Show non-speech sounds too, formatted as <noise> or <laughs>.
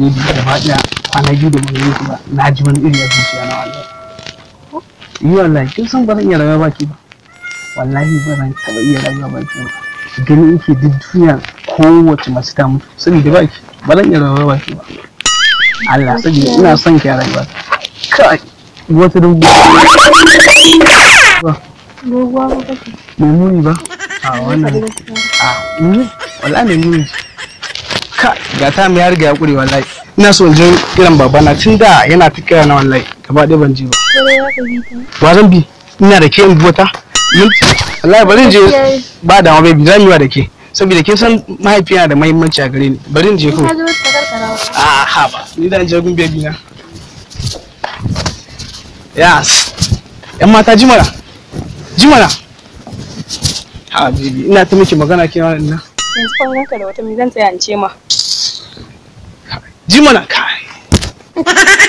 ne bi gaba daya kwana biyu da mun yi ba na ji wani iri a zuciya na wallahi yi wallahi kin san ba zan iya rayuwa baki ba wallahi ba zan taɓa iya rayuwa baki ba gani yake duk duniya kowace masu ta mutu da baki ba zan iya rayuwa baki ba Allah sani ina son ki a rayuwa kai wata doguwa doguwa ba mai nuni ba a wannan a nuni wallahi mai nuni ka ga ta mai har ga ya kure wallahi ina so jin kiran babana tun da yana ta kira na wallahi gaba ɗaya ban je ba ba zan bi ina da ke in bi wata wallahi bari je ba da ma bebi zan yi wa da ke saboda ke san mahaifi yana da mahimmanci a gare ni bari je ko a ha ba ni da je gun baby na yes yan mata jimala jimala ha bebi ina ta miki magana kina nan yanzu fa mun ka da wata mi zan tsaya in ce ma Juma na kai. <laughs>